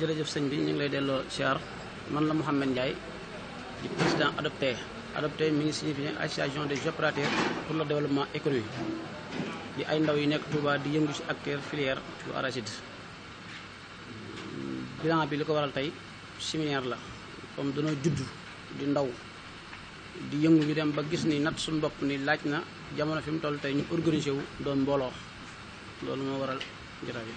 jërëjëf sëñ bi ñu ngi lay delloo siyaar man la Mouhamed Ndiaye di président adopté adopté mi ngi signifie association des opérateurs pour le développement économique di ay ndaw yu nekk Touba di yëngu ci acteur filière yu arachide bilan bi li ko waral tey séminaire la comme dañoo juddu di ndaw di yëngu ñu dem ba gis ni nat suñu bopp ni laaj na jamono fi mu toll tey ñu organiser wu doon mbooloo loolu moo waral jotaay bi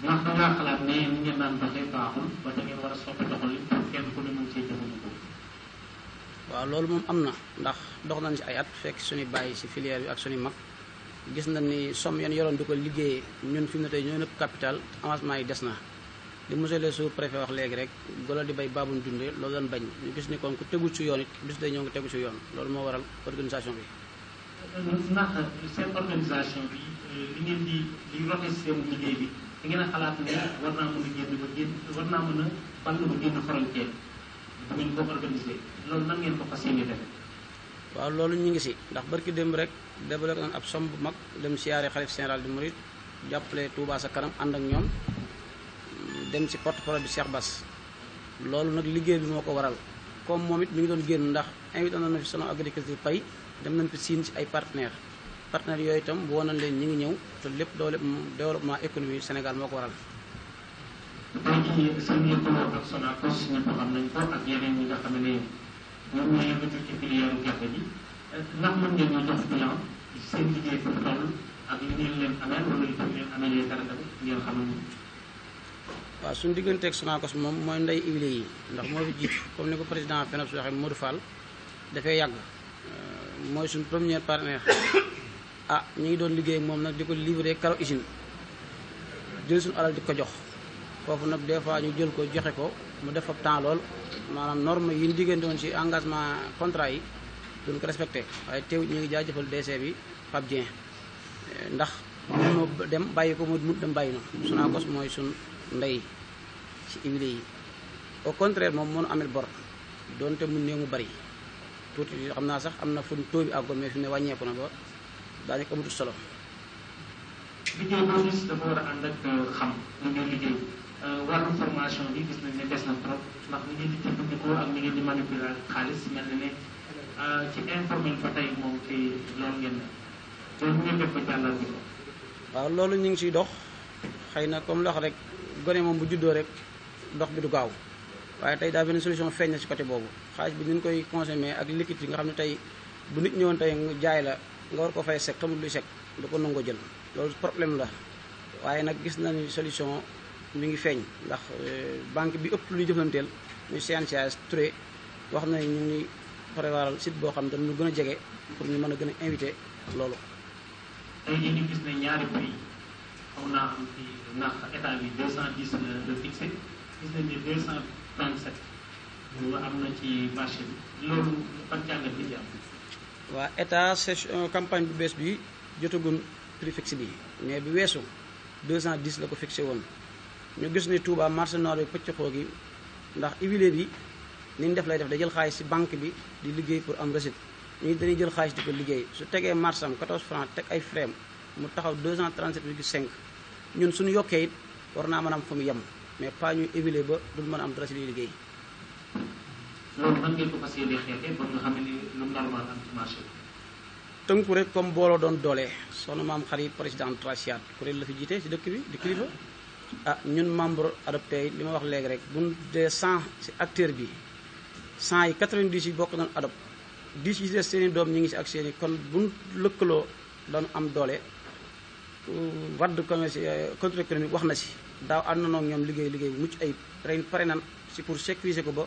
ndax da ngaa a soppi waaw loolu moom am na ndax dox nañ si ay at fekk suñu bàyyi si filière bi ak suñu mag gis nañ ni somme yan yoroon di ko liggéeye ñun fi mu ne tey ñoo capital avancement yi des na. li monsieur le su préfet wax léegi rek golo di bay baabun dunde loolu doon bañ ñu gis ni kon ku tegu ci yoon it bis day ñoo ngi tegu ci yoon loolu moo waral organisation bi. Euh, ndax euh, liggéey bi. ci a xalaat ne a génn loolu nan waaw loolu ñu ngi si ndax barki démb rek développé nañ ab somb mag dem siyaare xalif général di Mouride jàppale Touba sa kanam ànd ak ñoom dem ci porte-parole bi Cheikh Bass loolu nag liggéey bi moo ko waral comme moom it mi ngi doon génn ndax invité nañ na fi salon agriculture pay dem nañ fi siin si ay partenaires partenaires yooyu itam woo nañ leen ñi ngi ñëw te lépp doole développement économique Sénégal moo ko waral. seen yëngu-yëngu ak nañ ko ak yeneen ñi nga xam ne ñoom ñoo yëngatu ci filière gerte gi leen amee wala li digganteeg Sonacos moom mooy ndey huile yi ndax moo fi jiitu comme ni ko président FENAB su waxee Modou Fall dafay yàgg euh, mooy suñu premier partenaire. ah ñu ngi doon liggéey moom nag di ko livré karo usine jël suñu alal di ko jox foofu nag des fois ñu jël ko joxe ko mu def ab temps lool maanaam norme yi ñu diggante woon ci engagement contrat yi duñ ko respecté waaye teewut ñu ngi jaajëfal DC bi Pape Dieng ndax mënoo dem bàyyi ko mu dem bàyyi na Sonacos mooy suñ ndey ci huile yi au contraire moom mënu amel bor donte mun ne mu bari tuuti xam naa sax am na fu ñu tóobi àggoon mais fi ne wàññeeku na ba daanaka amatul solo. liggéey boo gis dafa war a ànd ak euh, xam lu ñuy liggéey euh, gis nañ ne des na trop ak ni ngeen di manipuler xaalis mel na euh, waaw loolu ñu ngi ciy dox xëy na comme loxo rek gone moom bu juddoo rek dox bi du gaaw waaye tey daa benn solution feeñ na si côté boobu xaalis bi ñu koy consommer ak liquide yi nga xam ne tey bu nit ñëwoon tey jaay la. nga war ko fay chèque xamul lu chèque du ko nangoo jël loolu problème la waaye nag gis na ni solution mu ngi feeñ ndax euh, banque bi ëpp luy jëflanteel muy CNCAS Touré wax na ñu ngi prévoiral sit boo xam dañu gën a jege pour ñu mën a gën a invité loolu. tey jii ñu gis ne ñaari prix xaw naa am ci ndax état bi 210 la fixé gis nañ ne 237 am na ci marché bi loolu ban jàngat bi ci waa état session euh, campagne bu bees bi jotagun prix fixe bi mais bu weesu 210 la ko fixé woon ñu gis ni Touba marché noor bi pëcc xoo gi ndax huilier bi ni ñu def lay def da jël xaalis ci banque bi di liggéey pour am recette ñu dañuy jël xaalis di ko liggéey su tegee marché am 14 francs teg ay frais mu taxaw 237,5 ñun suñu yokkee it war naa mën am fa mu yem mais pas ñu huilier ba dul mën am dara ci liggéey loolu nan ngeen ko fas yéene xeexee ba nga xam ne lu mu tënku rek comme booloo doon doole soxna maam xarit président Traciat kuréel la fi jiite si dëkk bi di kilifa ah ñun membre adopté yi li ma wax léegi rek buñ dee cent si acteur bi cent yi 90 yi bokk nañ adopté 10 yi des seen i doom ñu ngi si ak seen i kon buñ lëkkaloo doon am doole euh, wadd commerce euh, contrôle économique wax na si daaw ànd na ñoom liggéey liggéey bi mucc ay ren pare nan si pour sécuriser ko ba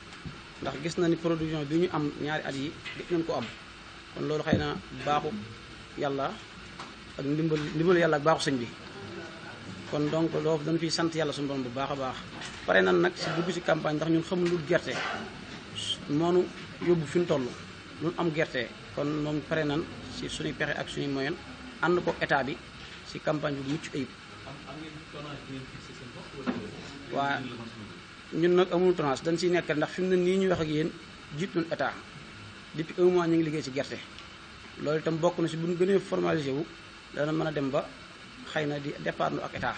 ndax gis na ni production bi ñu am ñaari at yi gis nañ ko am kon loolu xëy na baaxu yàlla ak ndimbal ndimbal yàlla ak baaxu sëñ bi kon donc loolu dañu fiy sant yàlla suñu borom bu baax a baax pare nan nag si dugg si campagne ndax ñun xamul lu gerte moonu yóbbu fi ñu toll lu am gerte kon moom pare nan si suñuy pexe ak suñuy moyen ànd ko état bi si campagne bu mucc ayib waa ñun nag amul tranche dañ siy nekkal ndax fi mu ne nii ñuy wax ak yéen jiit nañ état depuis un mois ñu ngi liggéey ci gerte loolu itam bokk na si bu ñu gënee formalisé wu dana mën a dem ba xëy na di départ ak état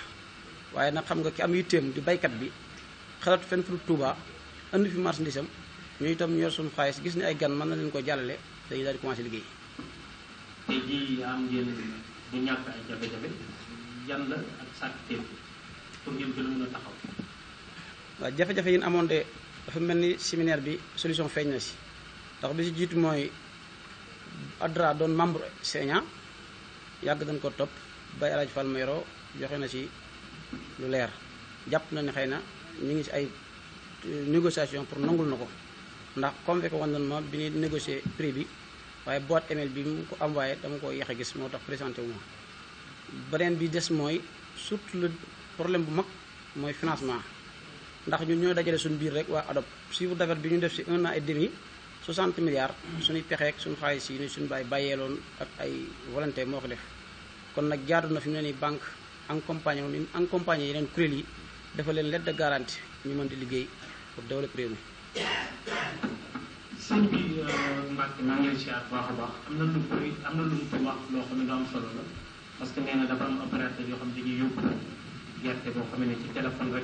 waaye nag xam nga ki am yitteem di baykat bi xalaatu fen fu Touba andi fi marchandise am ñu itam ñu yor suñu xaalis gis ne ay gan mën na leen ko jàllale dañuy daal di commencé liggéey. tey jii la ak waaw jafe-jafe yi amoon de dafa mel ni séminaire bi solution feeñ na si ndax bi si jiitu mooy ADRA doon membre saignant yàgg dañ ko topp bay El Hadj Fall Mayoro joxe na si lu leer jàpp na ne xëy na ñu ngi si ay euh, négociation pour nangul na ko ndax comme fekk woon nañ ma bi ñuy négocier prix bi waaye boîte email bi mu ko envoyé dama ko yéex a gis moo tax présenté wu ma beneen bi des mooy surtout le problème bu mag mooy financement ndax ñu ñoo dajale suñu biir rek waa adop chiffre d'affaires bi ñu def ci un an et demi 60 milliards suñuy pexeek suñu xaalis yi ni suñu bàyyi bàyyeeloon ak ay volonté moo ko def kon nag jaadu na fi mu ne banque accompagné wu accompagné yeneen kuréel yi dafa leen lettre de garantie ñu mën di liggéey pour développer réew mi. sëñ bi euh, Mbacke maa ngi baax a baax am na lu bëri am wax loo xam ne lu am solo la parce que nee dafa am opérateur yoo xam dañuy yóbbu gerte boo xam ne ci téléphone rek.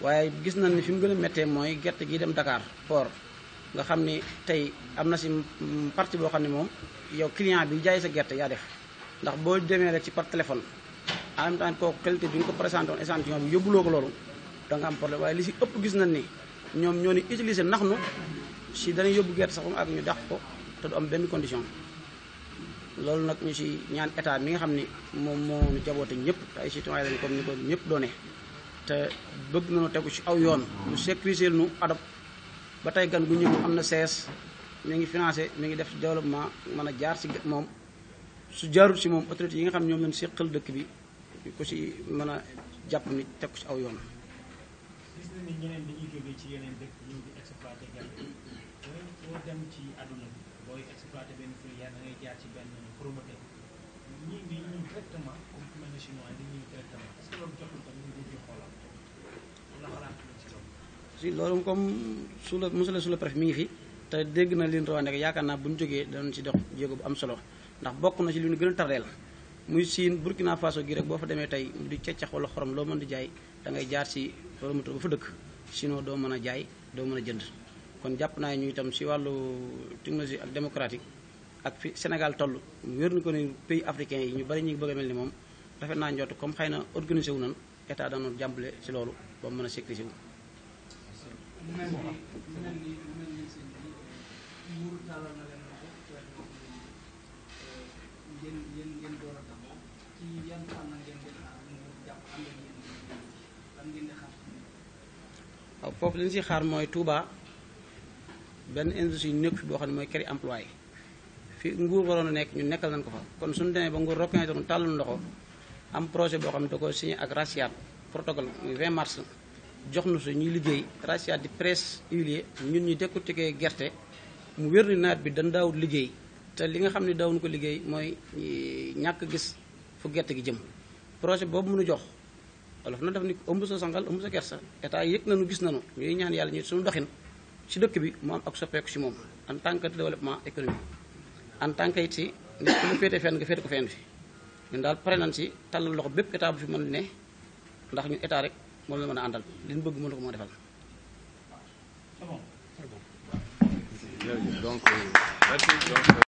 waaye gis nañ ni fi mu gën a méttee mooy gerte gii dem dakaar port nga xam ni tey am na si partie boo xam ne moom yow client bi jaay sa gerte yaa def ndax boo demee rek ci par téléphone en même temps kooku qualité bi ñu ko présenté woon bi yóbbuloo ko loolu da am problème waaye li si ëpp gis nañ ni ñoom ñoo ni utiliser nax nu si dana yóbbu gerte sax ba mu ñu dàq ko te du am benn condition loolu nag ñu si ñaan état mi nga xam ni moom moo ñu jaboote ñëpp ay citoyen lañ ni ko ñëpp doonee te bëgg noo tegu ci aw yoon lu sécuriser nu adop ba tey gan gu ñëw am na sees mi ngi financé mi ngi def développement mën a jaar ci moom su jaarul ci moom autorité yi nga xam ñoom lañ séqal dëkk bi ku ci mën a jàpp nit teg ko ci aw yoon gis na ci yeneen dëkk ñëw di exploité gan boo dem ci àdduna ñii nii ñun directement comme si loolu comme su la monsieur le préfet mi ngi fi te dégg na leen rawante yaakaar naa bu ñu jógee danañ ci dox jéego bu am solo ndax bokk na ci li nu gën a tardeel muy siin Burkina Faso gi rek boo fa demee tey di ceccax wala xorom loo mën di jaay dangay jaar ci promoteur ba fa dëkk sinon doo mën a jaay doo mën a jënd kon jàpp naa ñu itam ci wàllu technologie ak démocratique ak fi Sénégal toll wér na ko ne pays africain yi ñu bari ñu ngi mel ni moom rafet naa njott comme xëy na organisé wu nan état dañoo jàmbale ci loolu ba mu mën a sécuriser wu. si xaar mooy Touba benn industrie nekk fi boo xam ne mooy créer emploi fi nguur waroon a nekk ñu nekkal nañ ko fa kon suñu demee ba nguur reconnaître mu tàllal loxo am projet boo xam ne da ko signé ak Rasiat protocole muy 20 mars jox na su ñuy liggéey Rasiat di presse huilier ñun ñu décortiquer gerte mu wér ni nawet bi dañ daawut liggéey te li nga xam ne daawuñu ko liggéey mooy ñàkk gis fu gerte gi jëm projet boobu mënu jox olof na def ni ëmb sa sangal ëmb sa kersa état yëg nañu gis nañu ñuy ñaan yàlla ñu suñu doxin ci dëkk bi mu ak soppeeku ci moom en tant que développement économique en tant que it si nit ku lu féete fenn nga féete ko fenn fi ñun daal pare nañ si tàllal loxo bépp état bu fi mën ne ndax ñu état rek moo la mën a àndal li bëgg mën ko mën a defal.